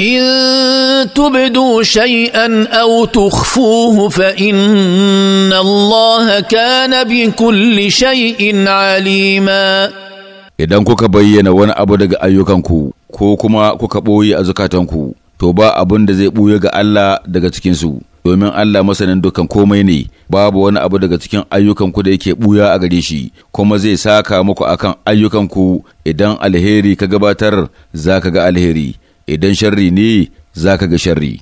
ان تبدوا شيئا او تخفوه فان الله كان بكل شيء عليما idan kuka bayyana wani abu daga ayyukanku ko kuma kuka ɓoye a zukatanku to ba abun da zai ɓuya ga Allah daga cikinsu domin Allah masanin dukan komai ne babu wani abu daga cikin ayyukanku da yake ɓuya a gare shi kuma zai saka maku muku akan ayyukanku idan alheri ka gabatar za ka ga alheri idan sharri ne za ka ga sharri